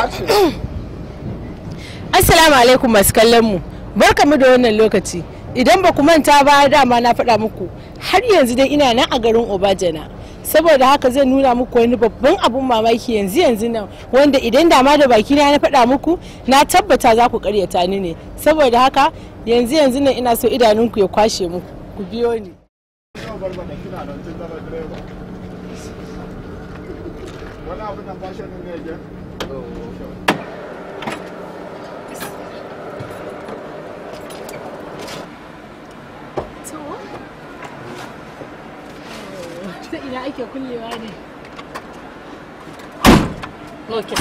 Assalamu alaikum masu kallon mu. Barkamu da wannan lokaci. Idan ba ku manta ba dama na faɗa muku har yanzu dai ina nan a garin Obajana. saboda haka zan nuna muku wani babban abun mamaki yanzu yanzu nan wanda idan dama da baki na faɗa muku na tabbata za ku karyata ni ne saboda haka yanzu yanzu nan ina so idanunku ya kwashe muku ku biyo ni wani abu na ne ya ta ina ake kullewa ne no ki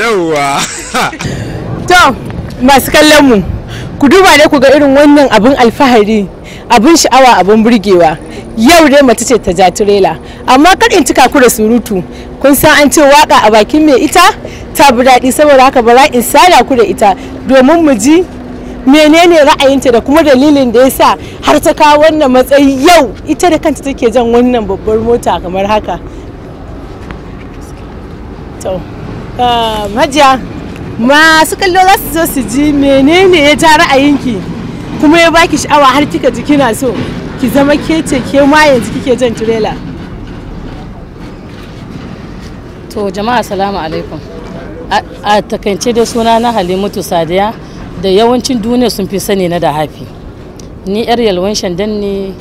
yauwa to masu kallon mu ku duba ne ku ga irin wannan abin alfahari abin sha'awa abin burgewa yau dai mace ce ta ja turela amma kar in cika ku da surutu kun san an ce waka a bakin mai ita ta bi daɗi saboda haka bara in sada ku da ita domin mu ji menene ra'ayinta da kuma dalilin da ya sa har ta kawo wannan matsayi yau ita da kanta take jan wannan babbar mota kamar haka majiya ehm, masu kallo za su zo su ji menene ya ja ra'ayinki kuma ya baki sha'awa har kika ji kina so ki zama ke ce ke ma yanzu kike jan tirela to jama'a salamu alaikum a takaice da suna na halimatu sadiya da yawancin duniya sun fi sani na da hafi ni yar yalwan shandan ne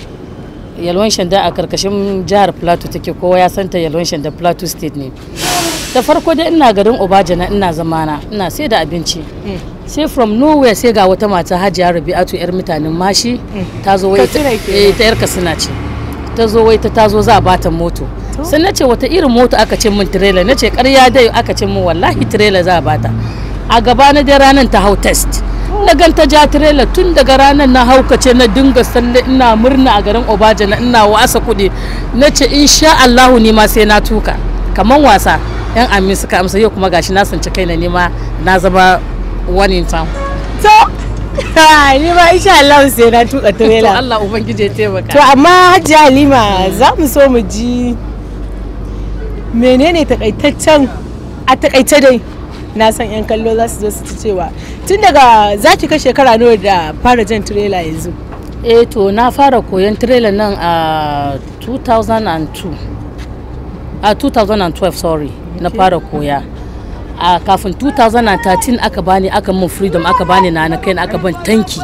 yalwan shandan a karkashin jihar plateau take kowa ya santa yalwan shandan plateau state ne da farko dai ina garin na ina zamana ina sai da abinci eh. sai from nowhere sai ga wata mata hajiya rabi'atu yar mutanen mashi eh. ta zo wai eh, ta yar kasina ce ta zo wai ta tazo za a bata moto sai na ce wata irin moto aka ce min trela na ce karya dai aka ce min wallahi trela za a bata a gaba na dai ranar ta hau test oh. na gan ta ja trela tun daga ranar na haukace na dinga salle ina murna a garin obaja na ina wasa kuɗi na ce sha allahu ni ma sai na tuka kamar wasa yan amin suka amsa yau kuma gashi na sanci kai na nema na zama one in town to ni ma insha Allah sai na tuka trailer to Allah ubangije taimaka to amma Hajji Halima za mu so mu ji menene takaitaccen a takaice dai na san yan kallo za su zo su ci cewa tun daga za ki ka shekara nawa da fara jan trailer yanzu eh to na fara koyon trailer nan a 2002 a ah, 2012 sorry na fara koya a ah, kafin 2013 aka bani aka min freedom aka bani na na kai aka ban tanki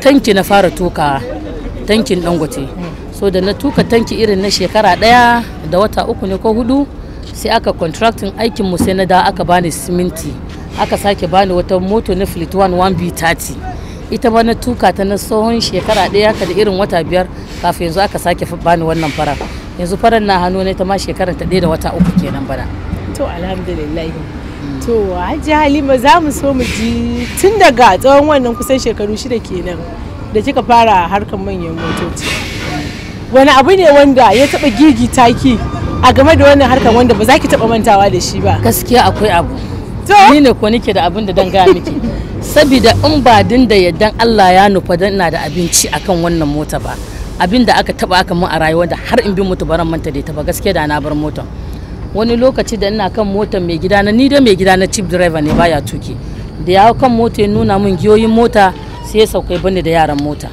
tanki na fara tuka tankin dangote so da na tuka tanki irin na shekara daya da wata uku ne ko hudu sai aka contracting aikin mu sai na da aka bani siminti aka sake bani wata moto na fleet 1 1b30 ita ba na tuka ta na tsohon shekara daya ka da irin wata biyar kafin yanzu aka sake bani wannan fara yanzu faran na hannu ne ta ma shekarar ta ɗaya da wata uku kenan bana to alhamdulillah mm. to hajji halima za mu so mu ji tun daga tsawon wannan kusan shekaru shida kenan da kika fara harkar manyan motoci wani abu ne wanda ya taba gigi taki a game da wannan harkar wanda ba za ki taba mantawa da shi ba gaskiya akwai abu ni ne ko nike da abin da dan ga miki saboda in ba din da yaddan Allah ya nufa dan na da abinci akan wannan mota ba abin da aka taba aka mun a rayuwa da har in bi mutu baran manta da ita ba gaske da na bar mota. wani lokaci da ina kan motar mai gida na ni da mai gida na chief driver ne baya tuki da ya kan mota ya nuna mun giyoyin mota sai ya saukai bane da yaran mota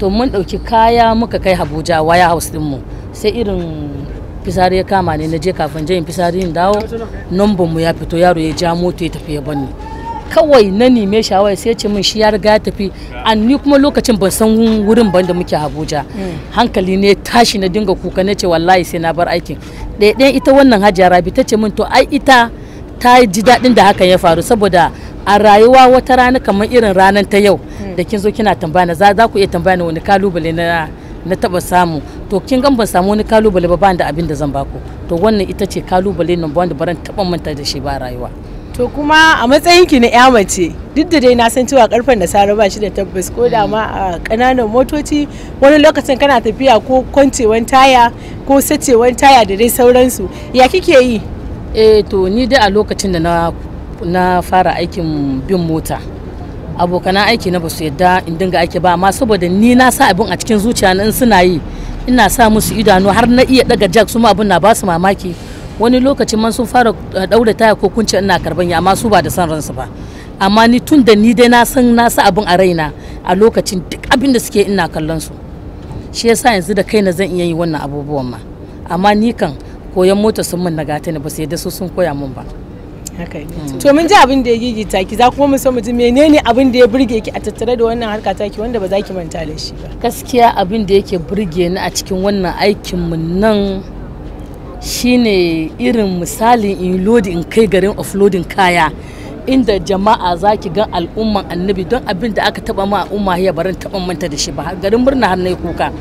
to mun dauki kaya muka kai Habuja waya house din mu sai irin fisari ya kama ne na je kafin je in fisari in dawo numban mu ya fito yaro ya ja mota ya tafi ya bani kawai na nime shawar sai ce min shi ya riga tafi an ni kuma lokacin ban san wurin ban da muke Abuja mm. hankali ne tashi na dinga kuka na ce wallahi sai na bar aikin ɗaya ita wannan Hajiya Rabi ta ce min to ai ita ta ji daɗin da hakan ya faru saboda a rayuwa wata rana kamar irin ranar ta yau mm. da kin zo kina tambaya za ku iya tambaya wani kalubale na na taba samu to kin gan ban samu wani kalubale ba ban da abin da zan baku to wannan ita ce kalubale nan ba wanda baran taba manta da shi ba rayuwa to kuma a matsayinki na ya mace duk da dai na san cewa karfen da sara ba shi da tabbas ko da ma a kananan motoci wani lokacin kana tafiya ko kwancewan taya ko sacewan taya da dai sauransu ya kike yi eh to ni dai a lokacin da na na fara aikin bin mota abokan aiki na basu yadda in dinga aiki ba amma saboda ni na sa abin a cikin zuciya in suna yi ina sa musu idanu har na iya daga jack su abin na ba su mamaki wani lokaci man sun fara daura eh, taya ko kunce ina karban ya amma su ba da san ransu ba amma ni tun da ni dai na san na sa abin a raina a lokacin duk abin da suke ina kallon su shi yasa yanzu da kaina zan iya yi wannan abubuwan ma amma ni kan koyan mota sun min nagata ne ba sai da su sun koya min ba mm. to mun ji abin da ya gigita ki za kuma mu san mu ji menene abin da ya burge ki a tattare da wannan harka taki wanda ba za ki manta da shi ba gaskiya abin da yake burge ni a cikin wannan aikin mu nan shine irin misalin in lodi in kai garin of lodin kaya inda jama'a za ki gan al'umman annabi don abin da aka taba ma al'umma ya barin taba manta da shi ba garin murna har kuka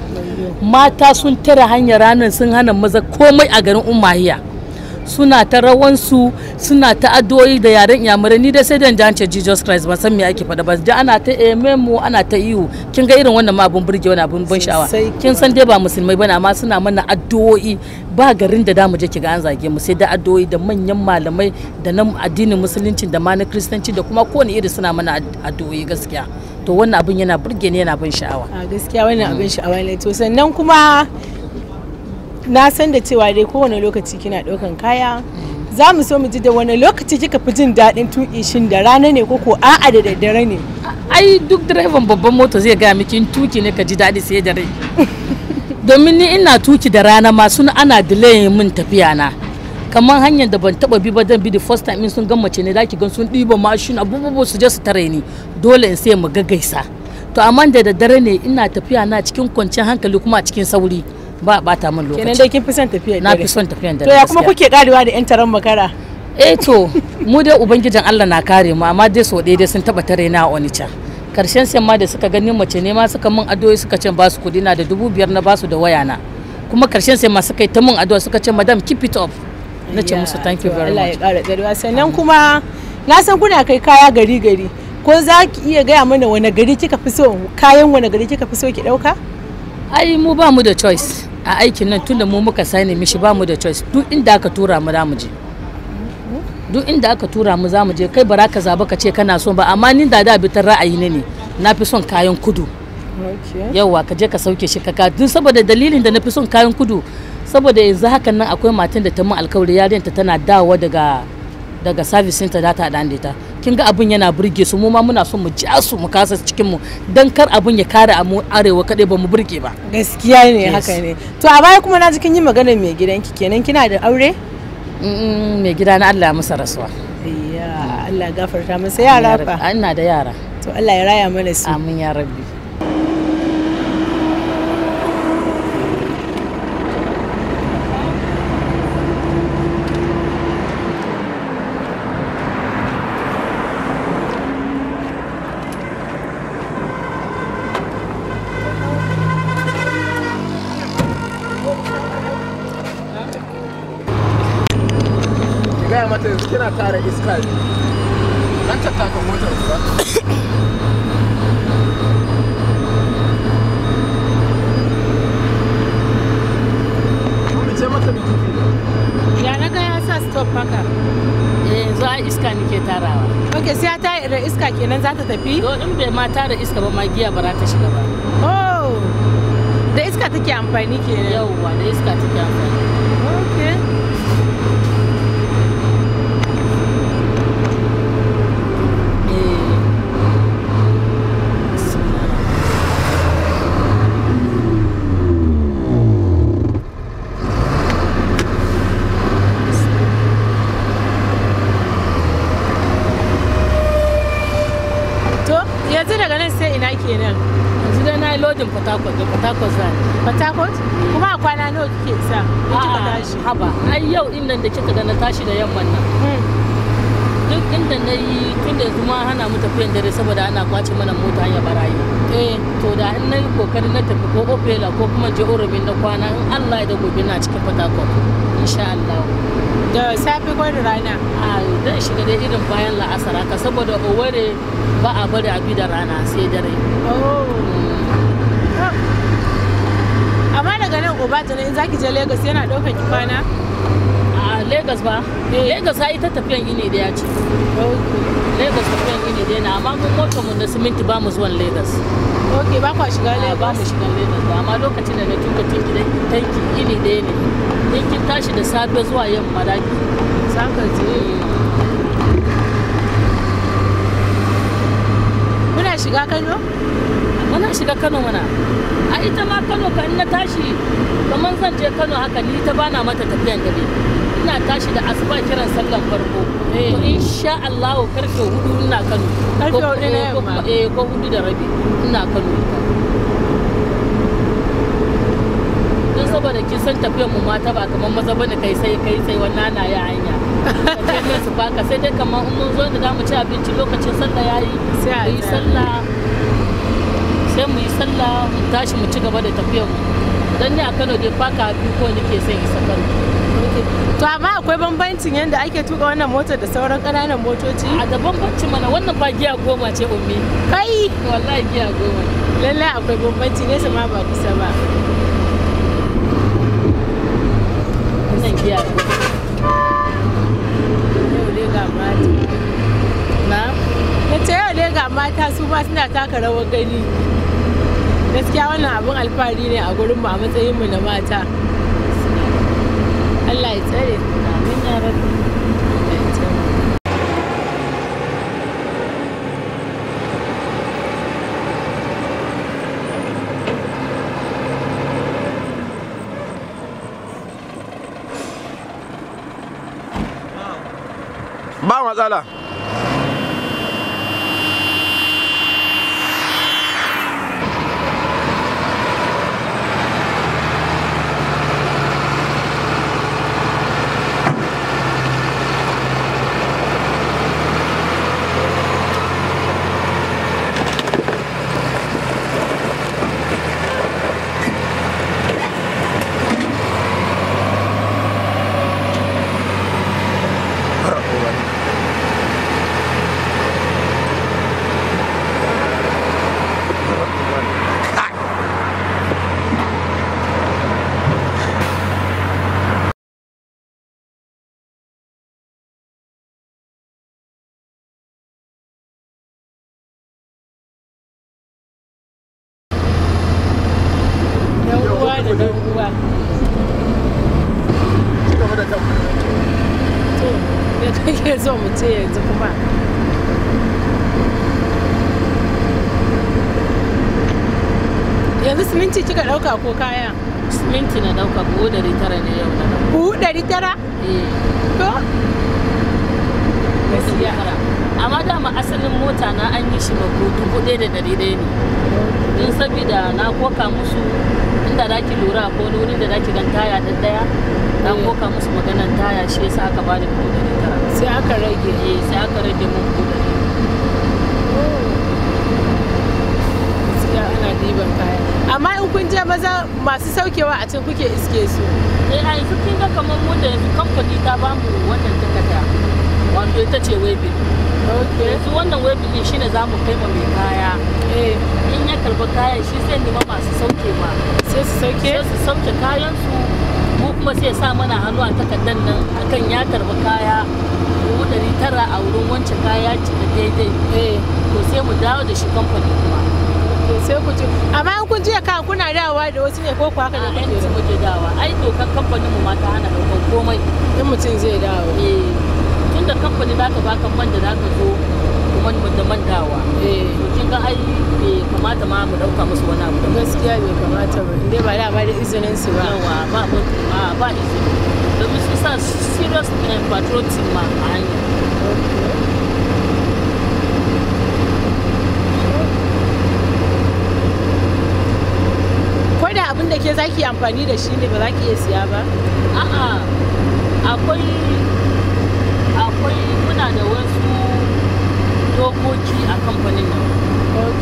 mata sun tare hanyar ranar sun hana maza komai a garin umahiya suna ta rawansu suna ta addu'o'i da yaren inyamurai ni dai sai dan jance jesus christ ba san me ake faɗa ba da ana ta ememu ana ta iyu kin ga irin wannan ma abun burge wani abun ban sha'awa kin san dai ba musulmai bane amma suna mana addu'o'i ba garin da damu je ki ga an zage mu sai da addu'o'i da manyan malamai da nan addinin musulunci da ma na kristanci da kuma kowane iri suna mana addu'o'i gaskiya to wannan abun yana burge ni yana ban sha'awa a gaskiya wannan abun mm. sha'awa ne to sannan kuma na san da cewa dai kowane lokaci kina ɗaukan kaya za mu so mu ji da wani lokaci kika fi jin daɗin tuƙi shin da rana ne ko a'a da daddare ne ai duk direban babban mota zai gaya miki in tuki ne ka ji daɗi sai da rai domin ni ina tuki da rana ma sun ana delay min tafiya na kamar hanyar da ban taba bi ba dan bi the first time in sun gan mace ne zaki gan sun ɗiba mashin abubuwa su je su tare ni dole in sai mu gaggaisa to amma da daddare ne ina tafiya na cikin kwanciyar hankali kuma a cikin sauri ba a bata min lokaci kenan dai kin fi son tafiya dare na fi son tafiya dare. to ya kuma kuke karewa da yan taron makara eh to mu dai ubangijin Allah na kare mu amma dai so dai sun taba tare na Onitsha karshen sai ma da suka gani mace ne ma suka min adoyi suka ce ba su kudi na da dubu biyar na ba su da waya na kuma karshen sai ma suka yi ta min adoyi suka ce madam keep it up na ce musu thank you very much Allah ya kara sannan kuma na san kuna kai kaya gari gari ko za ki iya gaya mana wani gari kika fi so kayan wani gari kika fi so ki dauka ai mu ba mu da choice a aikin nan tunda mu muka sani mishi ba mu da choice duk inda aka tura mu za mu je duk inda aka tura mu za mu je kai bara ka zaba ka ce kana son ba amma ni da da bitar ra'ayi ne ne na fi son kayan kudu yauwa ka je ka sauke shi ka duk saboda dalilin da na fi son kayan kudu saboda yanzu hakan nan akwai matan da ta mun alkawari yarinta tana dawo daga daga service center data dan ta kin ga abin yana burge su mu ma muna son mu ja su mu kasa cikin mu dan kar abin ya kare a mu arewa kadai ba mu burge ba gaskiya ne haka ne to a baya kuma na kin yi magana mai gidanki kenan kina da aure mai gida na Allah masa rasuwa Allah gafarta masa yara fa ina da yara to Allah ya raya mana su amin ya rabbi tana kara iska ne nan ta taka motar ba stop haka yanzu eh, a iska nake tarawa ok sai ya tare da iska kenan za ta tafi to in bai ma tara iska ba ma giya ba za ta shiga ba oh da iska take amfani kenan yauwa da iska take amfani Ok. tafiyan dare saboda ana kwace mana mota ya barayi eh to da in nayi kokari na tafi ko opela ko kuma je urumin na kwana in Allah ya da gobe na cikin ko insha Allah da safi ko da rana a da shiga da irin bayan la'asar ka saboda oware ba a bari a bi da rana sai dare oh. mm. amma daga nan obatana in zaki je Lagos yana ɗaukar kwana Lagos ba eh, Lagos ha ita tafiyan ini da ya ce Lagos tafiyan ini da yana amma mun motar mu da siminti ba mu zuwan Lagos ok ba kwa shiga Lagos ba mu shiga Lagos ba amma lokacin da na tuka tuki da tanki ini da ne tankin tashi da safe zuwa yamma da ki ne. kuna shiga Kano muna shiga Kano mana a ita ma Kano ka na tashi kamar zan je Kano haka ni ta bana mata tafiyan gari. Ana tashi da asuba kiran sallan farko in eh. insha Allah karfe hudu ina Kano karfe hudu ne eh, eh ko hudu da rabi ina Kano don saboda kin san tafiyar mu mata ba kamar maza bane kai sai kai sai wannan na ya hanya kaje su baka sai dai kamar in mun zo da zamu ci abinci lokacin sallah yayi sai yi sallah sai mu yi sallah mu tashi mu ci gaba da tafiyar mu dan ne a Kano dai faka biyu ko nake sai yi sakar gaske to amma akwai bambancin yadda ake tuka wannan motar da sauran ƙananan motoci a da bambanci mana wannan ba giya goma ce ummi kai wallahi giya goma lallai akwai bambanci ne ma ba kusa ba wannan giya goma yau dai ga mata na ta yau dai ga mata su ma suna taka rawar gani gaskiya wannan abin alfahari ne a gurinmu a matsayinmu na mata Allah ya tsare ku amin ya rabbi ba matsala bai yanzu siminti kika dauka ko kaya siminti na dauka buhu dari tara ne yau na dauka buhu dari tara to gaskiya amma dama asalin mota na an yi shi ba dubu ɗaya da dari ɗaya ne don sabida na koka musu inda za ki lura ko wani wurin da za ki gan taya ɗan ɗaya na eh. koka musu maganan taya shi yasa aka bani kudi da tara sai aka rage eh sai aka rage mun kuɗi gaskiya ana ɗiban kaya amma in kun je maza masu saukewa a can kuke iske su eh a yanzu kin ga kamar mu da kamfani ta bamu wannan takarda wato ita ce webin yanzu wannan web shi shine za mu kai ma mai kaya eh. in ya karba kayan shi zai ma masu sauke ba sai su sauke su sauke kayan su mu kuma sai sa mana hannu a takardar nan akan ya karba kaya dubu ɗari tara a wurin wancan kaya ci da daidai eh. to sai mu dawo da shi kamfani kuma sai ku ji amma in kun jiya ka kuna dawa da wasu ne ko ku haka da kuke muke dawa ai kan kamfanin mu ma ta hana ɗaukar komai in mutum zai dawo eh da kamfani za ka baka man da za ka zo kuma da man dawa eh. to kin ga ai bai kamata ma mu dauka musu wani abu gaskiya bai kamata ba inda ba da ba da izinin su ba yawa ba ba ba izini domin su sa serious eh, patrol team ma a hanya da abin da ke zaki amfani da shi ne ba za ki iya siya ba? A'a, akwai da wasu dokoki a kamfanin nan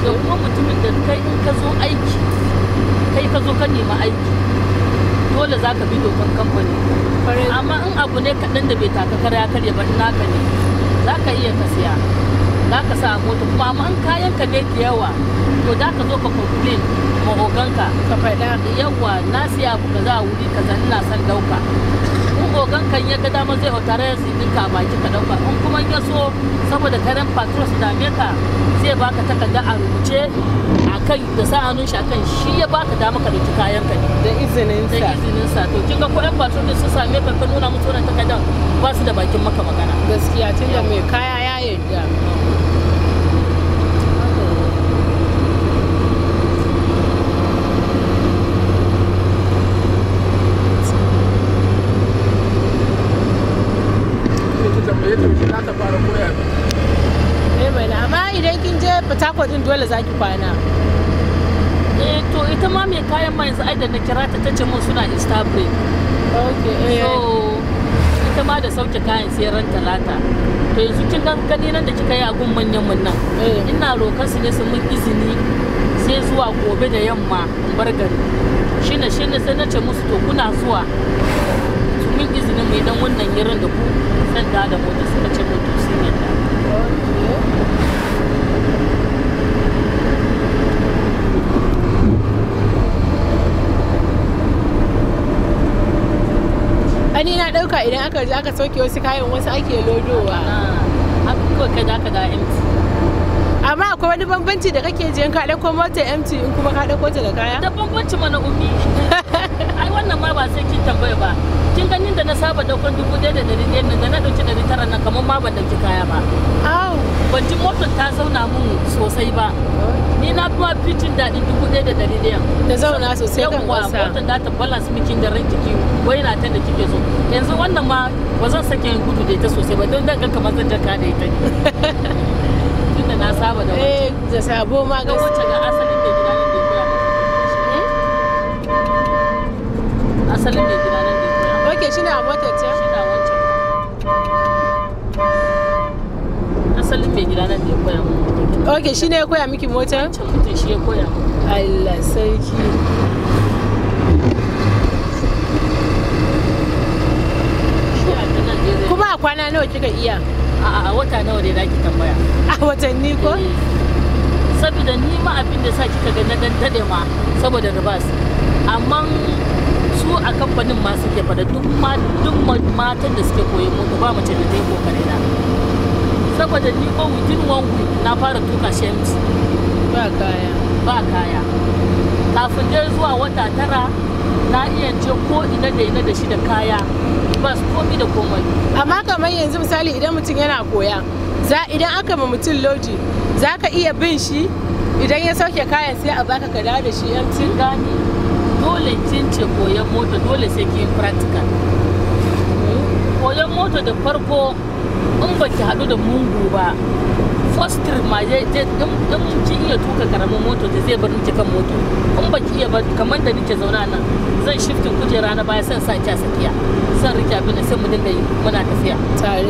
da kuma mutumin da kai in ka zo aiki kai ka zo ka nema aiki dole za ka bi dokan kamfani amma in abu ne kaɗan da bai taka kara karya ba naka ne za ka iya ka siya za ka sa mota kuma amma in kayan ka ne da yawa to da ka zo ka complain mahoganka ka faɗa yawa na siya abu kaza a wuri kaza ina son ɗauka so kan ya ga dama zai otare su dinka a baki ka dauka in kuma ya so saboda karen patrol su dame ka zai baka takarda a rubuce a kan da sa hannun shi akan shi ya baka dama ka dauki kayan ka da izinin sa da izinin to kin ga ko ɗan patrol din sun same ka ka nuna musu wannan takardar ba su da bakin maka magana gaskiya da mai kaya ya da. kwana ko ya eh amma idan kin je Port din dole za ki kwana eh to ita ma mai kayan ma yanzu ai na kira ta tace mun suna Istanbul okay eh. so ita ma da sauke kayan sai ran talata to yanzu kin ga gani nan da kika yi a gun manyan mun nan eh. ina rokar su ne su mun izini sai zuwa gobe da yamma in bar gari shine shine sai na ce musu to kuna zuwa mai dan wannan yirin da ku san da da mota suka ce mota sun yadda ani na dauka idan aka je aka sauke wasu kayan wasu ake lodowa haka kawai ka da ga empty amma akwai wani bambanci da kake jiyan ka ko mota MT in kuma ka ɗauko ta da kaya da bambanci mana ummi ai wannan ma ba sai kin tambaya ba kin ganin da na saba daukan dubu ɗaya da ɗari ɗaya da na ɗauki ɗari tara nan kamar ma ban ɗauki kaya ba ban ji motar ta zauna mun sosai ba ni na fi fitin jin daɗin dubu ɗaya da ɗari ɗaya ta zauna sosai kan wasa motar da ta balance miki da ran jiki wai na ta da kike so yanzu wannan ma ba zan sake gudu da ita sosai ba don dan ga kamar zan jaka da ita ne na saba da wacce. Eh, da sabo ma ga ga asalin da eh? Asalin da Ok, a motar ce? wancan. Asalin mai da koya ya koya miki motar? mutum shi ya koya. Allah sarki. kuma a kwana nawa kika iya a wata nawa dai zaki tambaya a watanni ko eh. saboda ni ma abin da sa kika ga na dan dade ma saboda ribas amma su a kamfanin ma suke fada duk matan da suke koyi mota ba mace da ta yi kokare na saboda ni ko within one na fara tuka shems ba kaya ba kaya kafin dai zuwa wata tara na iya je ko ina da ina da shi da kaya bas komi da komai amma kamar yanzu misali idan mutum yana koya za idan aka ma mutum loji za ka iya bin shi idan ya sauke kayan sai a baka ka da shi yanci gani dole cince koyon mota dole sai ki practical hmm? koyon mota da farko in baki hadu da mungu ba fostir ma zai in ci iya tuka karamin moto ta zai bar ni kan moto in ba ki iya ba kamar da nake zauna nan zan shiftin kujera na baya san sa ki san rike abin da sai mu dinga yi muna tafiya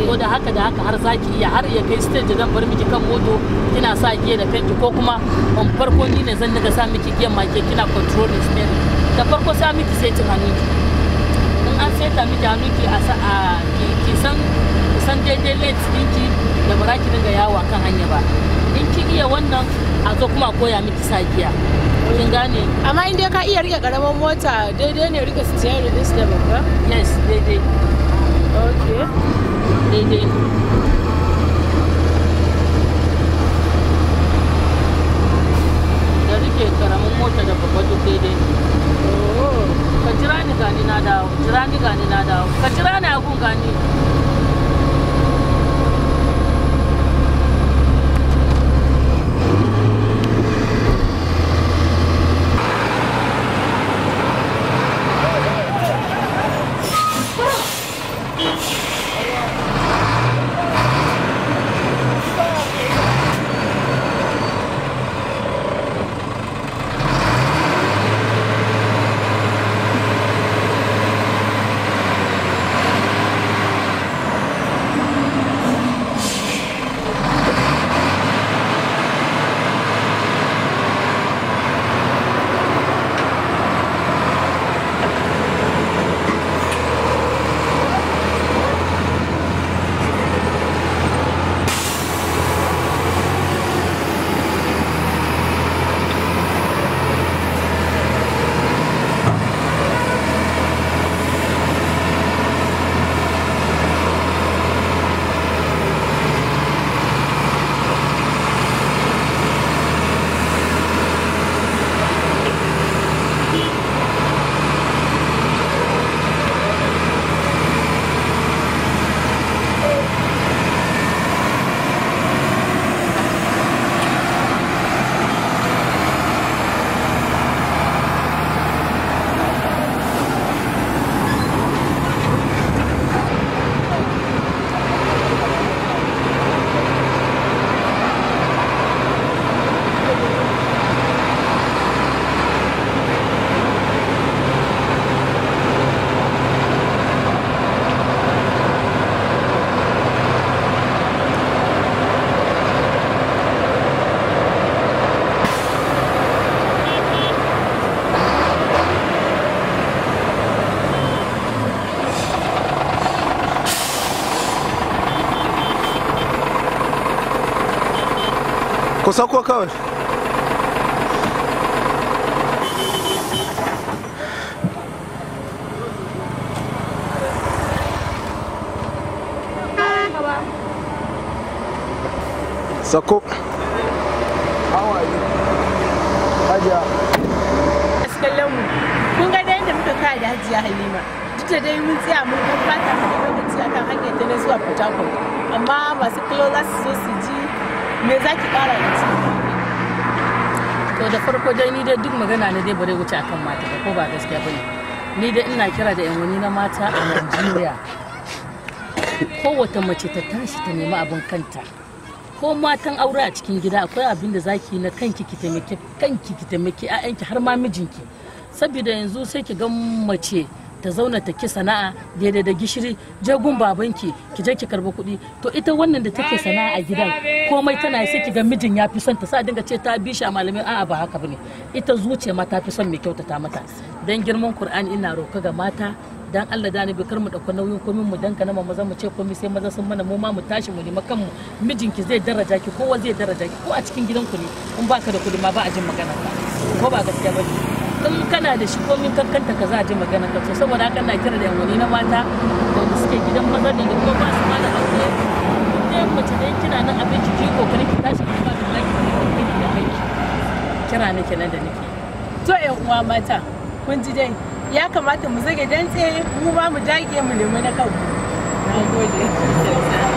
ko da haka da haka har zaki iya har ya kai stage zan bar miki kan moto kina sa giya da kanki ko kuma on farko ni ne zan daga sa miki giyan ma kina control steering da farko sa miki sai ki hannu in an ta miki hannu ki a ki san san daidai late ki. da ba za ki dinga yawo kan hanya ba in ki iya wannan a zo kuma koya miki sakiya kin gane amma in dai ka iya rike karamar mota daidai ne rike steering din da babba yes daidai okay daidai da rike karamin mota da babba duk daidai ne. Oh. ka jira ni gani na dawo jira ni gani na dawo ka jira ni a gun gani ku sako kawai sako kun da muka kaya da hajiya halima duk da dai mun tsaya mun kan fata lokaci akan hanyar ta na zuwa port harcourt amma masu kallo za su zo su ji me za ki kara da to da farko dai ni dai duk magana ne dai bare wuce akan mata ba ko ba gaskiya bane ni dai ina kira da yan na mata a Najeriya kowace mace ta tashi ta nemi abin kanta ko matan aure a cikin gida akwai abin da zaki na kanki ki taimake kanki ki taimake ayyanki har ma mijinki saboda yanzu sai ki ga mace ta zauna ta ki sana'a daidai da gishiri je gun babanki ki je ki karba kuɗi to ita wannan da take sana'a a gidan komai tana sai ki ga mijin ya fi son ta sa dinga ce ta bi shi a malamin a'a ba haka bane ita zuciya ma ta fi son mai kyautata mata dan girman Qur'ani ina roka ga mata dan Allah da bi kar mu dauko nauyin komin mu danka na maza mu ce komai sai maza sun mana mu ma mu tashi mu nemi kanmu mijinki zai daraja ki kowa zai daraja ki ko a cikin gidanku ne in baka da kuɗi ma ba a jin magana ko ba gaskiya ba in kana da shi komin kankanta ka za a ji magana ka saboda haka na kira da yanwani na mata da suke gidan maza da kuma ba su ma da aure ne mace da kina nan abin ki kokari ki tashi ki ba da laki da kanki kira nake nan da nake to yan uwa mata kun ji dai ya kamata mu zage dantse mu ba mu dage mu nemi na kanku na gode